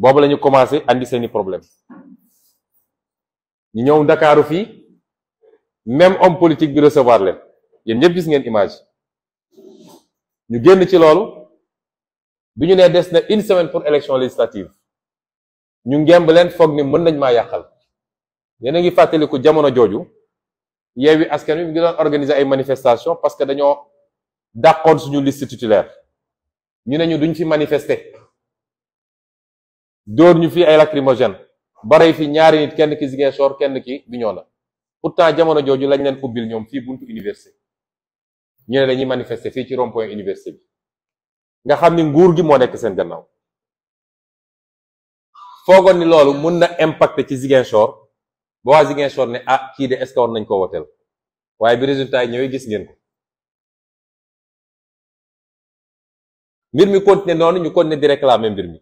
boobu lañu ñu commencé andi seeni problème ñu ñëw ndakaaru fii même homme politique bi recevoir leen yéen ñëpp gis ngeen image ñu génn ci loolu bi ñu nee des na une semaine pour élection législative ñu ngemb leen foog ni mën nañ maa yàqal yéen a ngi fàttaliku jamono jooju Yewwi Askan Wi mi ngi doon organiser ay manifestation parce que dañoo dàqoon suñu liste titulaire ñu ne ñu duñ fi manifester dóor ñu fii ay lacrymogène barey fi ñaari nit kenn ki Ziguinchor kenn ki Bignona pourtant jamono jooju lañ leen ubbil ñoom fii buntu université ñu ne dañuy manifester fii ci rond point université bi nga xam ni nguur gi moo nekk seen gannaaw foogoon ni loolu mun na impacter ci Ziguinchor ba waa Ziguinchor ne ah kii de est-ce nañ ko woteel waaye bi résultat yi ñëwee gis ngeen ko mbir mi continuer noonu ñu continuer di réclamer mbir mi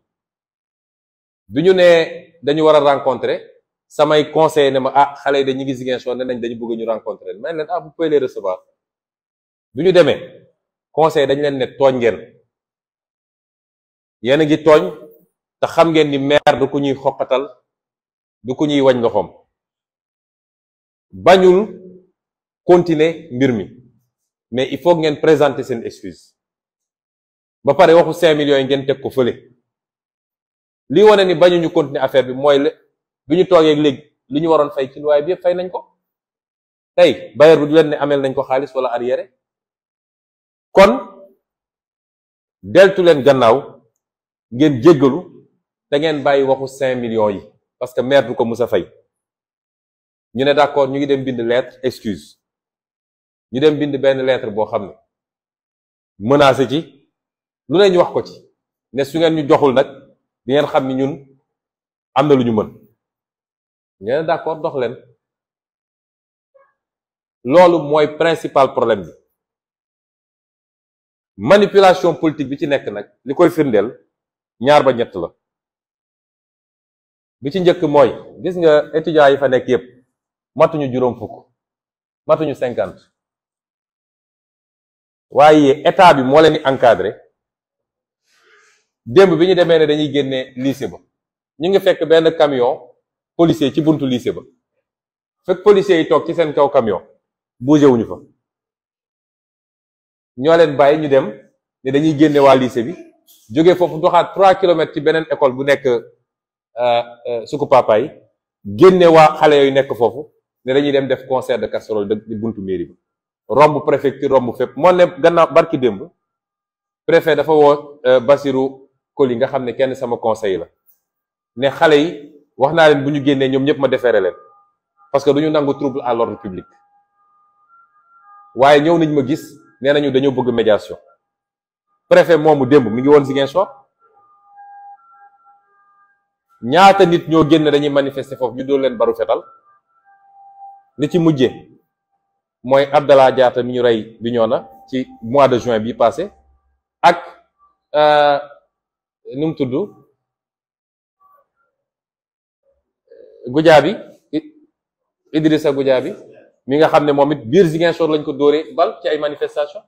bi ñu nee dañu war a rencontrer samay conseil ne ma ah xale yi dañu ngeen Ziguinchor ne nañ dañu bëgg ñu rencontrer mais leen ah vous pouvez les recevoir bi ñu demee conseil dañ leen ne tooñ ngeen yéen a ngi tooñ te xam ngeen ni maire du ku ñuy xoqatal du ku ñuy wañ loxoom bañul continuer mbir mi mais il faut ngeen présenter seen excuse ba pare waxu cinq millions yi ngeen teg ko fële li wane ni bañu ñu continuer affaire bi mooy la bi ñu toogee léegi li ñu waroon fay ci luwaay bi yëpp fay nañ ko tey bailleur bi du leen ne ameel nañ ko xaalis wala arriéré kon deltu leen gannaaw ngeen jéggalu te ngeen bàyyi waxu cinq millions yi parce que maire du ko mus a fay ñu ne d'accord ñu ngi dem bind lettre excuse ñu dem bind benn lettre boo xam ne mënaase ci lu ne ñu wax ko ci ne su ngeen ñu joxul nag di ngeen xam ni ñun am na lu ñu mën ngeen d'accord dox leen loolu mooy principal problème bi manipulation politique bi ci nekk nag li koy firndeel ñaar ba ñett la bi ci njëkk mooy gis nga étudiants yi fa nekk yépp matuñu juróom fukk matuñu cinquante waaye état bi moo leen di encadré démb bi ñu demee ne dañuy génne lycée ba ñu ngi fekk benn camion policier ci buntu lycée ba fekk policier yi toog ci seen kaw camion wu ñu fa ñoo leen bàyyi ñu dem ne dañuy génne waa lycée bi jógee foofu doxaat trois kilomètres ci beneen école bu nekk euh, euh, suku papa yi génne waa xale yooyu nekk foofu ne dañuy dem def concert de casserole de buntu mairie bi romb préfecture romb fépp moo ne gannaaw barki démb préfet dafa woo euh, Basirou Coly nga xam ne kenn sama conseil la ne xale yi wax naa leen bu ñu génnee ñoom ñëpp ma defeere leen parce que du ñu nangu trouble à l'ordre public waaye ñëw nañ ma gis nee nañu dañoo bëgg médiation préfet moomu démb mi ngi woon Ziguinchor ñaata nit ñoo génne dañuy manifester foofu ñu dóor leen baru fetal li ci mujje mooy Abdallah Diatta mi ñu rey bi ñoo na ci mois de juin bi passé ak euh, nu mu tudd Goudiaby Idrissa Goudiaby mi nga xam ne moom it biir Ziguinchor lañ ko dóoree bal ci ay manifestation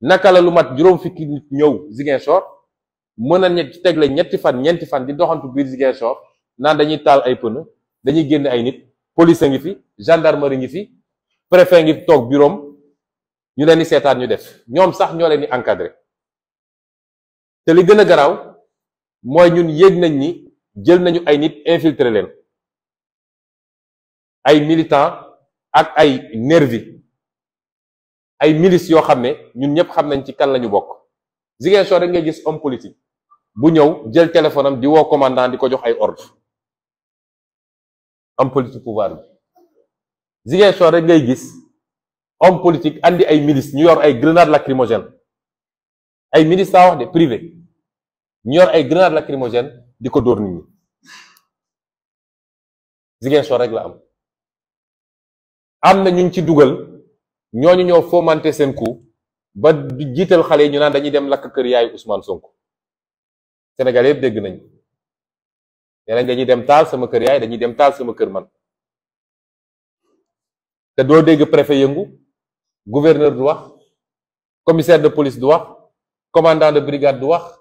naka la lu mat juróom fukki nit ñëw Ziguinchor mën a ñetti tegle ñetti fan ñeenti fan di doxantu biir Ziguinchor naan dañuy taal ay pneu dañuy génn ay nit police a ngi fi gendarmerie ngi fi préfet ngi toog buroom ñu leen di seetaan ñu def ñoom sax ñoo leen di encadré te li gën a garaaw mooy ñun yéeg nañ ni jël nañu ay nit infiltrer leen ay militants ak ay nervi ay milice yoo xam ne ñun ñëpp xam nañ ci kan lañu bokk Ziguinchor rek ngay gis homme politique bu ñëw jël téléphone di woo commandant di ko jox ay ordre homme politique pouvoir bi Ziguinchor rek ngay gis homme politique andi ay milice ñu yor ay grenade lacrymogène ay milice saa wax de privé ñu yor ay grenade lacrymogène di ko dóor nit ñi Ziguinchor rek la am am na ñuñ ci dugal ñoo ñooñu ñoo fomenté seen coup ba jiital xale yi ñu naan dañuy dem lakk kër yaayu Ousmane Sonko Sénégal yëpp dégg nañu nee dañuy dem taal sama kër yaay dañuy dem taal sama kër man te doo dégg préfet yëngu gouverneur du wax commissaire de police du wax commandant de brigade du wax.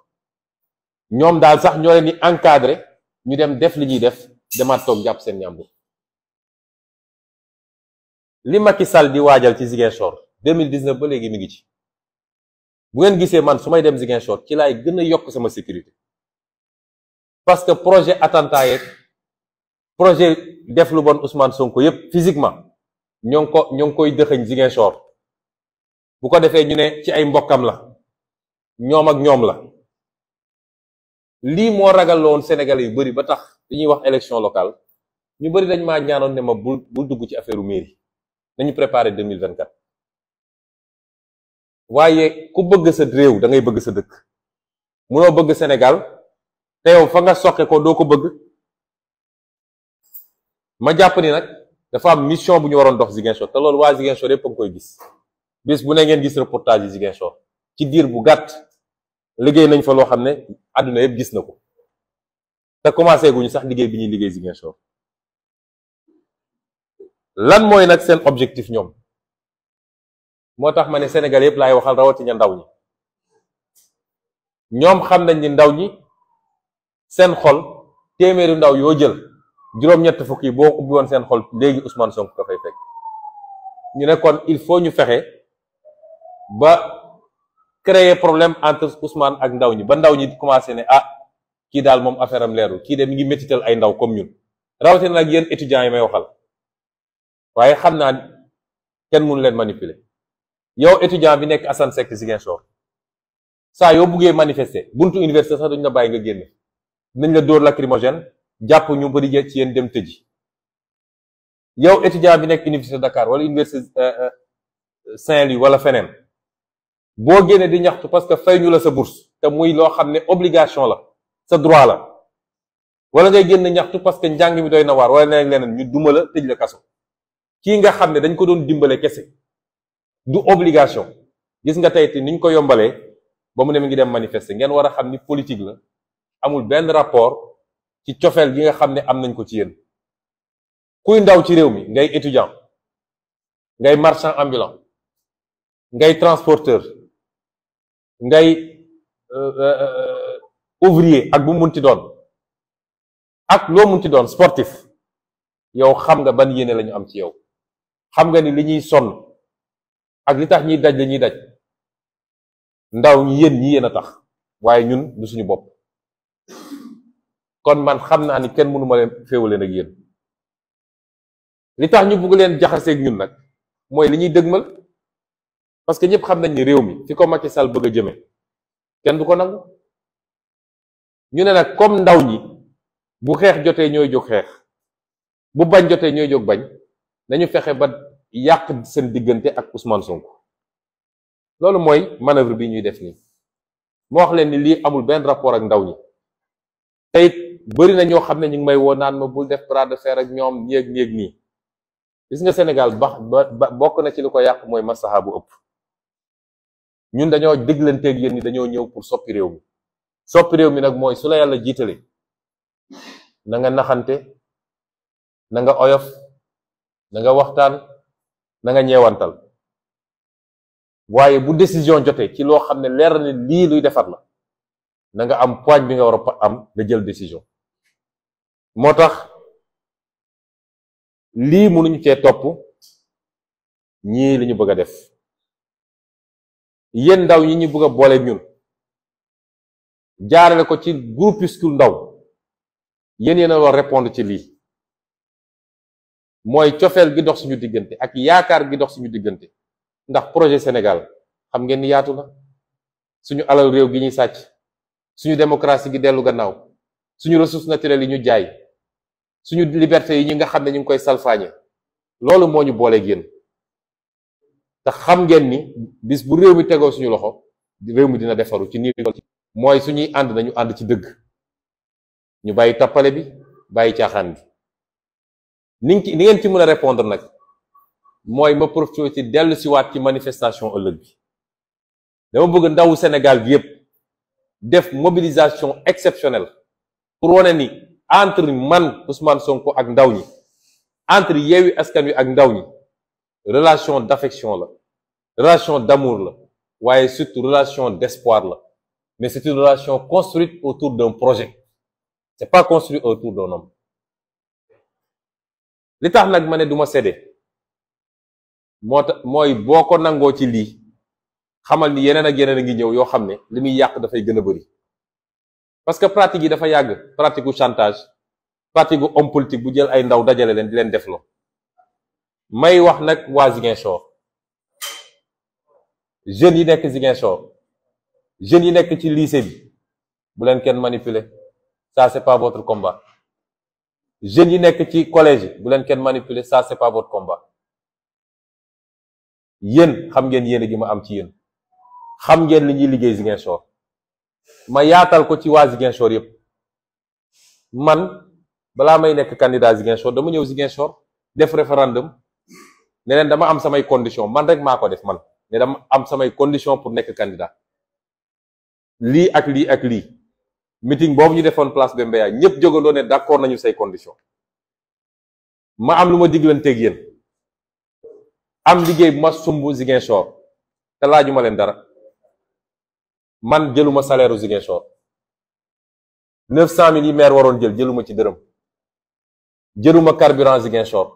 ñoom daal sax ñoo leen di encadré ñu dem def li ñuy def demaat toog jàpp seen ñàmbur li Macky sal di waajal ci Ziguinchor 2019 ba léegi mi ngi ci bu ngeen gisee man su may dem Ziguinchor ci laay gën a yokk sama sécurité parce que projet attentat yeeg projet def lu bon Ousmane Sonko yépp physiquement ñoo ngi ko ñoo ngi koy dëxëñ Ziguinchor bu ko defee ñu ne ci ay mbokkam la ñoom ak ñoom la. lii moo ragaloon Sénégalais yu bari ba tax dañuy wax élection locale ñu bari dañ maa ñaanoon ne ma bu bu dugg ci affaire mairie nañu préparer 2024 waaye ku bëgg sa réew da ngay bëgg sa dëkk munoo bëgg Sénégal te yow fa nga soqe ko doo ko bëgg ma jàpp ni nag dafa am mission bu ñu waroon dox Ziguinchor te loolu waa Ziguinchor yépp a ngi koy gis bis bu ne ngeen gis reportage yi Ziguinchor ci diir bu gàtt liggéey nañ fa loo xam ne àdduna yëpp gis na ko te commencé ñu sax liggéey bi ñuy liggéey Ziguinchor lan mooy nag seen objectif ñoom moo tax ma ne Sénégal yëpp laay waxal rawatina ndaw ñi ñoom xam nañ ni ndaw ñi seen xol téeméeri ndaw yoo jël juróom-ñett fukk yi boo ubbi seen xol léegi usman Sonko dafay fekk ñu ne il faut ñu fexe ba. créer problème entre Ousmane ak ndaw ñi ba ndaw ñi commencé ne ah kii daal moom affaire am leerul kii de mi ngi métital ay ndaw comme ñun rawatina nag yéen étudiants yi may waxal waaye xam naa kenn mënu leen manipuler yow étudiant bi nekk Assane Seck Ziguinchor saa yoo buggee manifester buntu université sax dañu la bàyyi nga génn nañ la dóor lacrymogène jàpp ñu bari ci yéen dem tëji yow étudiant bi nekk université Dakar wala université euh, euh, Saint-Louis wala feneen boo génnee di ñaxtu parce que fay ñu la sa bourse te muy loo xam ne obligation la sa droit la wala ngay génn ñaxtu parce que njàng mi doy na waar wala leneen leneen ñu duma la tëj la kaso kii nga xam ne dañ ko doon dimbale kese du obligation gis nga tey te niñ ko yombalee ba mu ne mi ngi dem manifester ngeen war a xam ni politique la amul benn rapport ci cofeel gi nga xam ne am nañ ko ci yéen kuy ndaw ci réew mi ngay étudiant ngay marchand ambulant ngay transporteur ngay euh, euh, euh, ouvrier ak bu mun ci doon ak loo mun ci doon sportif yow xam nga ban yéene lañu am ci yow xam nga ni li ñuy sonn ak li tax ñuy daj li ñuy daj ndaw ñi yéen ñi yéen a tax waaye ñun du suñu bopp kon man xam naa ni kenn mënuma leen féewaleen ak yéen li tax ñu bugg leen jaxaseeg ñun nag mooy li ñuy dëgmal parce que ñëpp xam nañ ni réew mi fi ko Macky Sall bëgg a jëme kenn du ko nangu ñu ne nag comme ndaw ñi bu xeex jotee ñooy jóg xeex bu bañ jotee ñooy jóg bañ nañu fexe ba yàq seen diggante ak Ousmane Sonko loolu mooy manœuvre bi ñuy def nii moo wax leen ni lii amul benn rapport ak ndaw ñi tey bëri na ñoo xam ne ñu ngi may woo naan ma bul def bras de ak ñoom ñéeg ñéeg nii gis nga Sénégal ba ba bokk na ci lu ko yàq mooy masaha bu ëpp ñun dañoo déglanteeg yéen ni dañoo ñëw pour soppi réew mi soppi réew mi nag mooy su la yàlla jiitale na naxante na oyof na nga waxtaan na nga ñeewantal waaye bu décision jotee ci loo xam ne leer na ne lii luy defar la na am poigne bi nga war a am nga jël décision moo tax lii mënuñu cee topp ñii lañu ñu bëgg a def yéen ndaw yi ñu bëgg a boole ñun jaarale ko ci groupuscule ndaw yéen yéen a war répondre ci lii mooy cofeel gi dox suñu diggante ak yaakaar gi dox suñu diggante ndax projet Sénégal xam ngeen ni yaatu na suñu alal réew gi ñuy sàcc suñu démocratie gi dellu gannaaw suñu ressources naturelles yi ñu jaay suñu liberté yi ñi nga xam ne ñu ngi koy salfaañe loolu moo ñu booleeg yéen te xam ngeen ni bis bu réew mi tegoo suñu loxo réew mi dina defaru ci nii mooy suñuy ànd nañu ànd ci dëgg ñu bàyyi tappale bi bàyyi caaxaan bi ni ki ni ngeen ci mën a répondre nag mooy ma profité ci dellu siwaat ci manifestation ëllëg bi dama bëgg ndawu senegal gi yépp def mobilisation exceptionnelle pour wane ni entre man Ousmane Sonko ak ndaw ñi entre Yewwi Askan Wi ak ndaw ñi relation d'affection la relation d'amour la waaye surtout relation d'espoir la mais c'est une relation construite autour d'un projet c'est pas construit autour d'un homme li tax nag ma ne du ma séddee moo tax mooy boo ko nangoo ci lii xamal ni yeneen ak yeneen a ngi ñëw yoo xam ne li muy yàq dafay gën a bëri parce que pratique yi dafa yàgg pratique gu chantage pratique gu homme politique bu jël ay ndaw dajale leen di leen def defloo may wax nag waa Ziguinchor jeunes yi nekk Ziguinchor jeunes yi nekk ci lycée bi bu leen kenn manipuler ça c'est pas combat jeunes yi nekk ci collège yi bu leen kenn manipuler ça c'est pas votre combat yéen xam ngeen yéen gi ma am ci yéen xam ngeen li ñuy liggéey Ziguinchor ma yaatal ko ci waa Ziguinchor yëpp man balaa may nekk candidat Ziguinchor dama ñëw Ziguinchor def référendum ne dama am samay condition man rek maa ko def man ne dama am samay condition pour nekk candidat lii ak lii ak lii meeting boobu ñu defoon place de Mbeya ñëpp jógandoo ne d'accord nañu say condition ma am lu ma diglanteeg yéen am liggéey bu ma sumb Ziguinchor te laajuma leen dara man jëluma salaire u Ziguinchor neuf cent mille yi maire waroon jël jëluma ci dërëm jëluma carburant Ziguinchor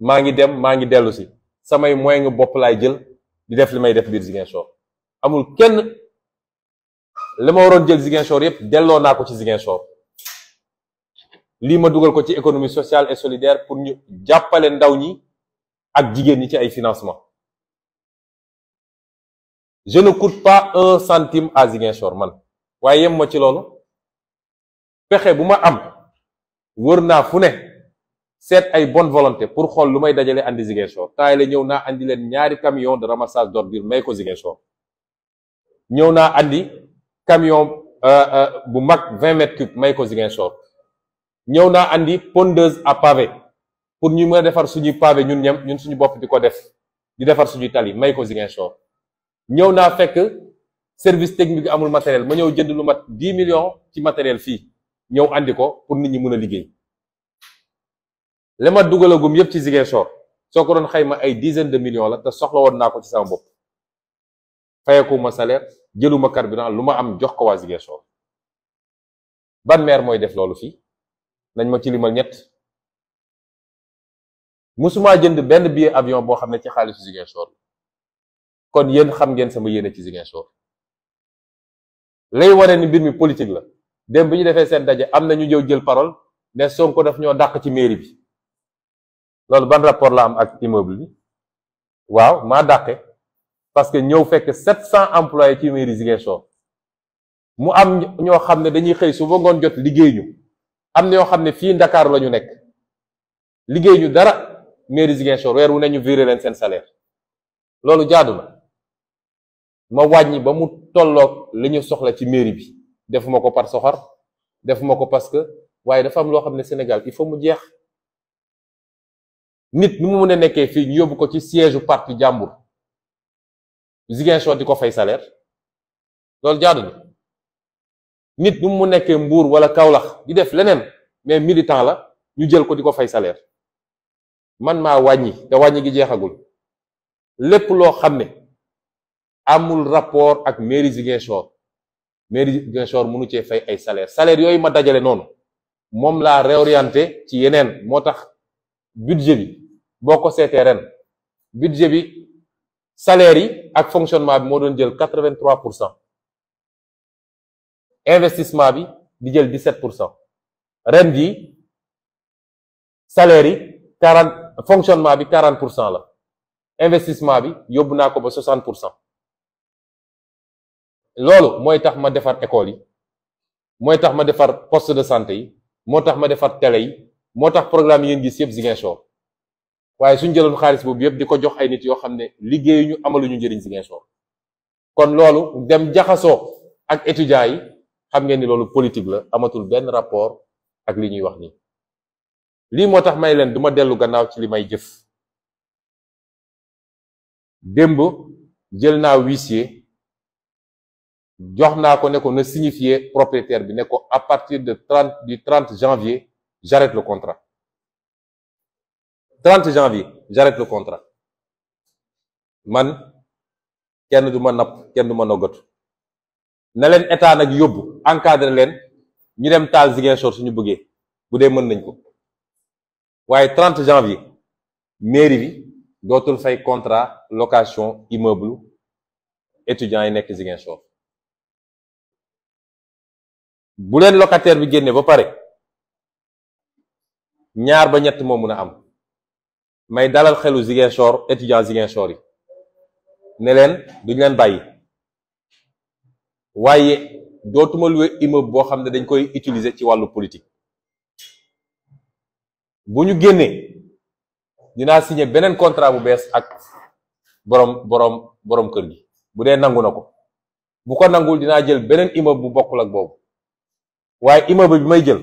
maa ngi dem maa ngi dellusi samay moyens bopp laay jël di def li may def biir Ziguinchor amul kenn li ma waroon jël Ziguinchor yëpp delloo naa ko ci Ziguinchor lii ma dugal ko ci économie sociale et solidaire pour ñu jàppale ndaw ñi ak jigéen ñi ci ay financement je ne coûte pas un centime à Ziguinchor man waaye yem ma ci loolu pexe bu ma am wër naa fu ne seet ay bonne volonté pour xool lu may dajale andi Ziguinchor taay la ñëw naa andi leen ñaari camion de ramassage d'ordure may ko Ziguinchor ñëw naa andi camion euh, euh, bu mag vingt may ko Ziguinchor ñëw naa andi pondeuse à pavé pour ñu mën a defar suñuy pavé ñun ñem ñun suñu bopp di ko def di defar suñuy tali may ko Ziguinchor ñëw naa fekk service technique amul matériel ma ñëw jënd lu mat dix millions ci matériel fii ñëw àndi ko pour nit ñu mën a liggéey li ma dugalagum yépp ci Ziguinchor soo ko doon xayma ay dizaine de millions la te soxla woon naa ko ci sama bopp fayekuma salaire jëluma carburant lu ma am jox ko waa Ziguinchor ban maire mooy def loolu fii nañ ma ci limal ñett musuma jënd benn billet avion boo xam ne ci xaalisu Ziguinchor kon yéen xam ngeen sama yéene ci Ziguinchor lay waree ni mbir mi politique la dem bi ñu defee seen daje am na ñu jëw jël parole ne Sonko def ñoo dàq ci mairie bi loolu ban rapport la am ak immeuble bi waaw maa dàqe parce que ñëw fekk 700 employés ci mairie Ziguinchor mu am ñoo xam ne dañuy xëy su ngoon jot liggéey ñu am na ñoo xam ne fii Ndakaaru la ñu nekk liggéey ñu dara mairie Ziguinchor weer wu ne ñu viré leen seen salaire loolu jaadu na ma wàññi ba mu tollook li ñu soxla ci mairie bi defuma ko par soxor defuma ko parce que waaye dafa am loo xam ne Sénégal il faut mu jeex. nit ni mu mun a nekkee fii ñu yóbbu ko ci siège parti jàmbur Ziguinchor di ko fay salaire loolu jaadu na nit ni mu nekkee mbuur wala kawlax di def leneen mais militant la ñu jël ko di ko fay salaire man ma wàññi te wàññi gi jeexagul lépp loo xam ne amul rapport ak mairie Ziguinchor mairie Ziguinchor mënu cee fay ay salaire salaire yooyu ma dajale noonu moom laa réorienté ci yeneen moo tax budget bi boo ko seetee ren budget bi salaire yi ak fonctionnement bi moo doon jël quatre vingt trois pour cent investissement bi di jël dix pour cent ren jii salaire yi quarante fonctionnement bi quarante pour cent la investissement bi yóbbu naa ko ba soixante pour cent loolu mooy tax ma defar école yi mooy tax ma defar poste de santé yi moo tax ma defar télé yi moo tax programme yi gis yëpp Ziguinchor waaye suñ jëloon xaalis boobu yëpp di ko jox ay nit yoo xam ne liggéeyu ñu amaluñu njëriñ Ziguinchor kon loolu dem jaxasoo ak étudiants yi xam ngeen ni loolu politique la amatul benn rapport ak li ñuy wax nii lii moo tax may leen duma dellu gannaaw ci li may jëf démb jël naa huissier jox naa ko ne ko na signifier propriétaire bi ne ko à partir de 30 du 30 janvier j'arrête le contrat 30 janvier j'arrête le contra man kenn du ma napp kenn du ma noggatu na leen état nag yóbbu encadré leen ñu dem taal Ziguinchor suñu bëggee bu dee mën nañ ko waaye 30 janvier mairie bi dootul fay contrat location immeuble étudiants yi nekk Ziguinchor bu leen locataire bi génnee ba pare ñaar ba ñett moo mun a am may dalal xelu Ziguinchor étudiant Ziguinchor yi ne leen duñ leen bàyyi waaye dootuma luwe immeuble boo xam ne dañ koy utiliser ci wàllu politique bu ñu génnee dinaa signer beneen contrat bu bees ak borom borom borom kër gi bu dee nangu na ko bu ko nangul dinaa jël beneen immeuble bu bokkul ak boobu waaye immeuble bi may jël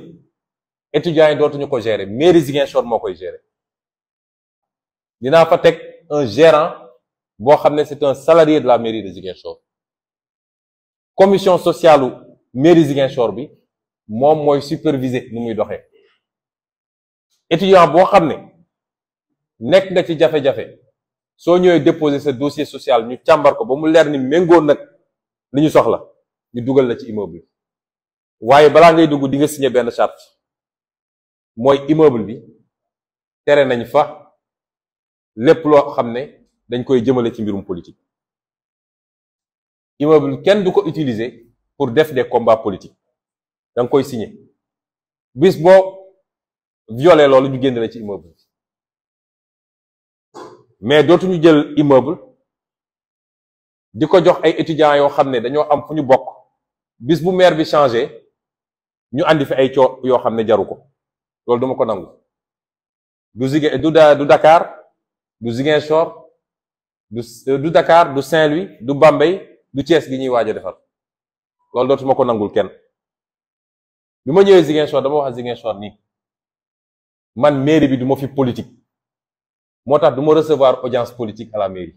étudiants yi dootuñu ko gérer mairie Ziguinchor moo koy gérer dinaa fa teg un gérant boo xam ne c'est un salarié de la mairie de Ziguinchor commission socialu u mairie Ziguinchor bi moom mooy superviser nu muy doxee étudiant boo xam ne nekk nga ci jafe-jafe soo ñëwee déposer sa dossier sociale ñu càmbar ko ba mu leer ni méngoo nag li ñu soxla ñu dugal la ci immeuble waaye balaa ngay dugg di nga signé benn charte mooy immeuble bi tere nañ fa lépp loo xam ne dañ koy jëmale ci mbirum politique immeuble kenn du ko utiliser pour def des combats politiques da koy signer bis boo violé loolu ñu génn la ci immeuble bi mais dootuñu jël immeuble di ko jox ay étudiants yoo xam ne dañoo am fu ñu bokk bis bu maire bi changé ñu andi fi ay coo yoo xam ne jaru ko loolu duma ko nangu du Ziguinchor du Dakar du Ziguinchor du euh, du Dakar du Saint-Louis du Bambey du Thiès gi ñuy waaj a defar loolu dootuma ko nangul kenn bi ma ñëwee Ziguinchor dama wax a Ziguinchor nii man mairie bi du ma fi politique moo tax du ma recevoir audience politique à la mairie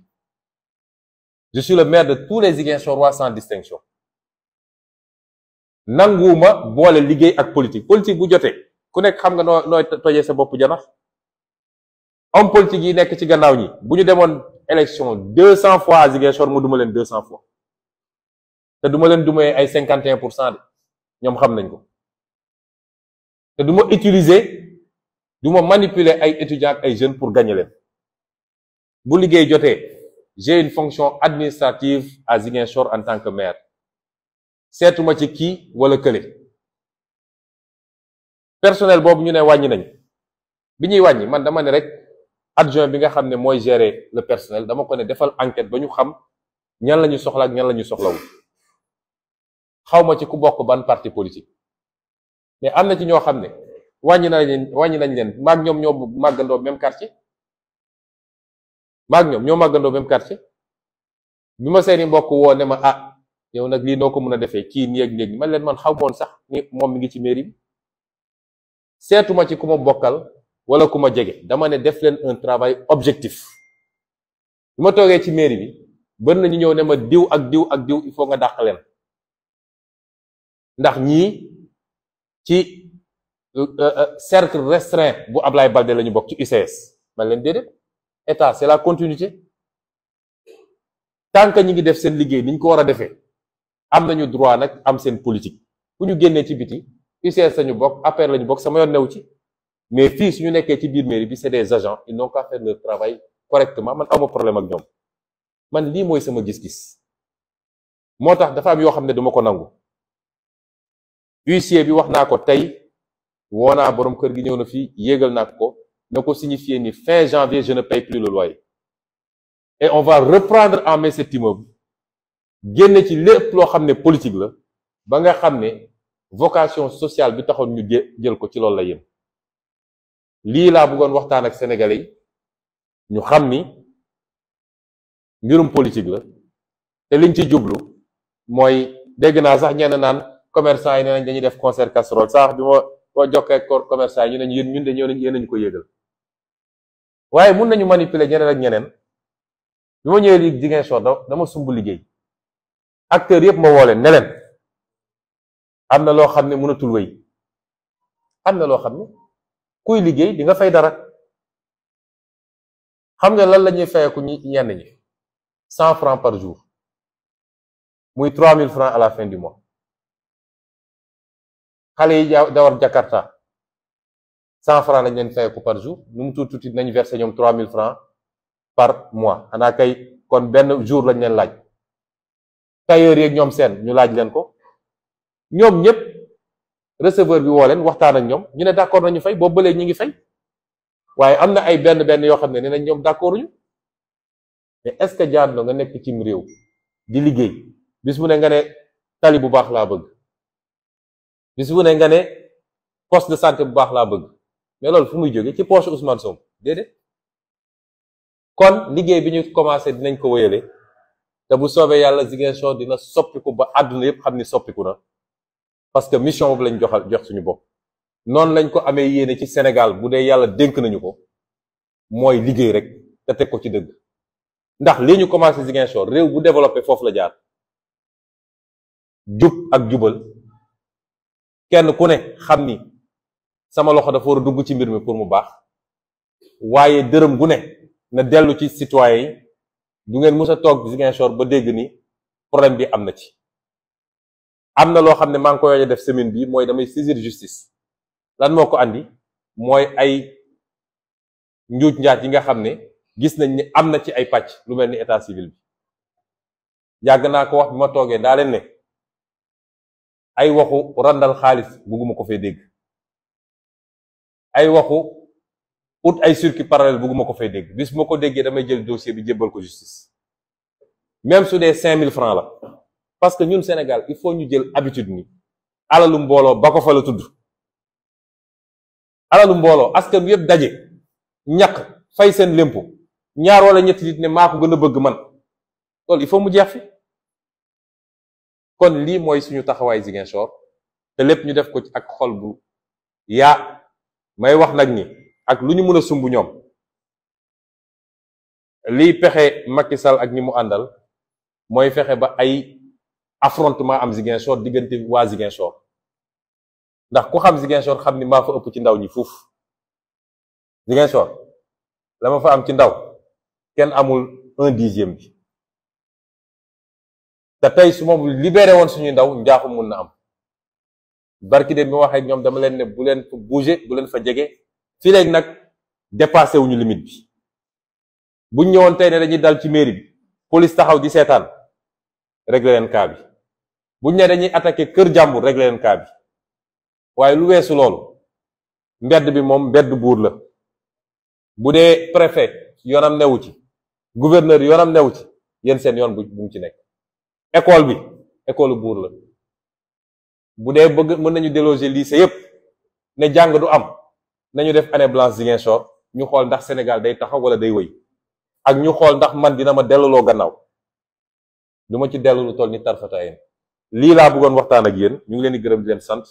je suis le maire de tous les Ziguinchorois sans distinction nanguwuma boole liggéey ak politique politique bu jotee ku nekk xam nga noo nooy tojee sa bopp janax homme politique yi nekk ci gannaaw ñi bu ñu demoon élection deux cent fois à Ziguinchor mu duma leen deux cent fois te duma leen dumee ay cinquante et un pour cent de ñoom xam nañ ko te du ma utiliser du ma manipuler ay étudiants ay jeunes pour gagner leen bu liggéey jotee j'ai une fonction administrative à Ziguinchor en tant que maire seetuma ci kii wala kële personnel boobu ñu ne wàññi nañ bi ñuy wàññi man dama ne rek adjoint bi nga xam ne mooy gérer le personnel dama ko ne defal enquête ba ñu xam ñan la ñu soxla ak ñan la ñu soxlawul xawma ci ku bokk ban parti politique mais am na ci ñoo xam ne wàññi nañ leen wàññi nañ leen maag ñoom ñoo màggandoo même quartier maag ñoom ñoo màggandoo même quartier bi ma seeni mbokk woo ne ma ah yow nag lii noo ko mën a defee kii nii ak nii man leen man xaw moon sax moom mi ngi ci mairie seetuma ci ku ma bokkal wala ku ma jege dama ne def leen un travail objectif bi ma toogee ci mairie bi bari na ñu ñëw ne ma diw ak diw ak diw il faut nga dàq leen ndax ñii ci euh, euh, cercle restreint bu Ablaye Balde la ñu bokk ci UCS man leen déedéet état c'est la continuité tant que ñi ngi def seen liggéey ni ñu ko war a defee am nañu droit nag am seen politique bu ñu génnee ci biti UCS lañu bokk APR lañu bokk sama yoon new ci mais fii su ñu nekkee ci biir mairie bi c'est des agents ils n'ont qu'à faire leur travail correctement man awma problème ak ñoom man lii mooy sama gis-gis moo tax dafa am yoo xam ne duma ko nangu huissier bi wax naa ko tey woo naa boroom kër gi ñëw na fii yéegal naa ko na ko signifier ni fin janvier je ne paye plus le loyer et on va reprendre en main cet immeuble génne ci lépp loo xam ne politique la ba nga xam ne vocation sociale bi taxoon ñu jël ko ci loolu la yem lii laa bëggoon waxtaan ak sénégalais yi ñu xam ni mbirum politique la te liñ ci jublu mooy dégg naa sax ñeen naan commerçant yi nee nañ dañuy def concert casserole saa bi moo ma jokkee ak commerçant yi ñu ne ñun de ñoo nañu ko yëgal waaye mun nañu manipule ñeneen ak ñeneen bi ma ñëwee di jigéen soo dama sumb liggéey acteurs yëpp ma woole leen am na loo xam ne mënatul wey am na loo xam ne. kuy liggéey di fay dara xam nga lan la ñuy fayeeku ñi ñenn ñi cent francs par jour muy trois mille francs à la fin du mois xale yi dawar Jakarta cent francs lañ leen fayeeku par jour nu mu tuuti tuuti nañ versé ñoom trois mille francs par mois xanaa kay kon benn jour lañ leen laaj tailleur yeek ñoom seen ñu laaj leen ko ñoom ñëpp receveur bi woo leen waxtaan ak ñoom ñu ne d'accord nañu fay boobu ba léegi ngi fay waaye am na ay benn benn yoo xam ne nee nañ ñoom d'accord ñu mais est-ce que jaar na nga nekk cim réew di liggéey bis bu ne nga ne tali bu baax laa bëgg bis bu ne nga ne poste de santé bu baax laa bëgg mais loolu fu muy jógee ci poche Ousmane Sonko déedéet kon liggéey bi ñu commencé dinañ ko wéyale te bu soobee yàlla Ziguinchor dina soppiku ba àdduna yépp xam ni soppiku na. parce que mission boobu lañ joxal jox suñu bopp noonu lañ ko amee yéene ci Sénégal bu dee yàlla dénk nañu ko mooy liggéey rek te teg ko ci dëgg ndax lii ñu commencé Ziguinchor réew bu développé foofu la jaar jub ak jubal kenn ku ne xam ni sama loxo dafa war a dugg ci mbir mi pour mu baax waaye dërëm gu ne na dellu ci citoyen yi du ngeen mës a toog Ziguinchor ba dégg ni problème bi am na ci am na loo xam ne maa ngi koy def semaine bi mooy damay saisir justice lan moo ko andi mooy ay njuuj njaat yi nga xam ne gis nañ ni am na ci ay pàcc lu mel ni état civil bi yàgg naa ko wax bi ma toogee daa leen ne ay waxu randal xaalis bugguma ko fee dégg ay waxu ut ay circuit parallèle bugguma ko fee dégg bis bu ma ko déggee damay jël dossier bi jébbal ko justice même su dee cinq mille francs la parce que ñun Sénégal il faut ñu jël habitude ni alalu mbooloo ba ko fa la tudd alalu mbooloo askan yëpp daje ñaq fay seen lémpo ñaar wala ñetti nit ne maa ko gën a bëgg man loolu il faut mu jeex fi kon lii mooy suñu taxawaay Ziguinchor te lépp ñu def ko ci ak xol bu yaa may wax nag ni ak lu ñu mën a sumb ñoom lii pexe Macky Sall ak ñi mu àndal mooy fexe ba ay affrontement am Ziguinchor diggante waa Ziguinchor ndax ku xam Ziguinchor xam ni maa fa ëpp ci ndaw ñi fuuf Ziguinchor dama fa am ci ndaw kenn amul un dixième bi te tey su ma libéré woon suñuy ndaw njaaxum mun na am barki de bi ma waxee ñoom dama leen ne bu leen fa bouger bu leen fa jege fii léegi nag dépassé wuñu limite bi buñ ñëwoon tey ne dañuy dal ci mairie bi police taxaw di seetaan régler leen bi bu ne dañuy attaqué kër jàmbur réglé leen cas bi waaye lu weesu loolu mbedd bi moom mbedd buur la bu dee préfet yoonam newu ci gouverneur yoonam newu ci yéen seen yoon bu mu ci nekk école bi école buur la bu dee bëgg mën nañu déloger lycée yépp ne jàng du am nañu def année blanche Ziguinchor ñu xool ndax Sénégal day taxaw wala day wëy ak ñu xool ndax man dina ma delluloo gannaaw du ma ci dellu lu toll ni tarfatayen lii laa bëggoon waxtaan ak yéen ñu ngi leen di gërëm di leen sant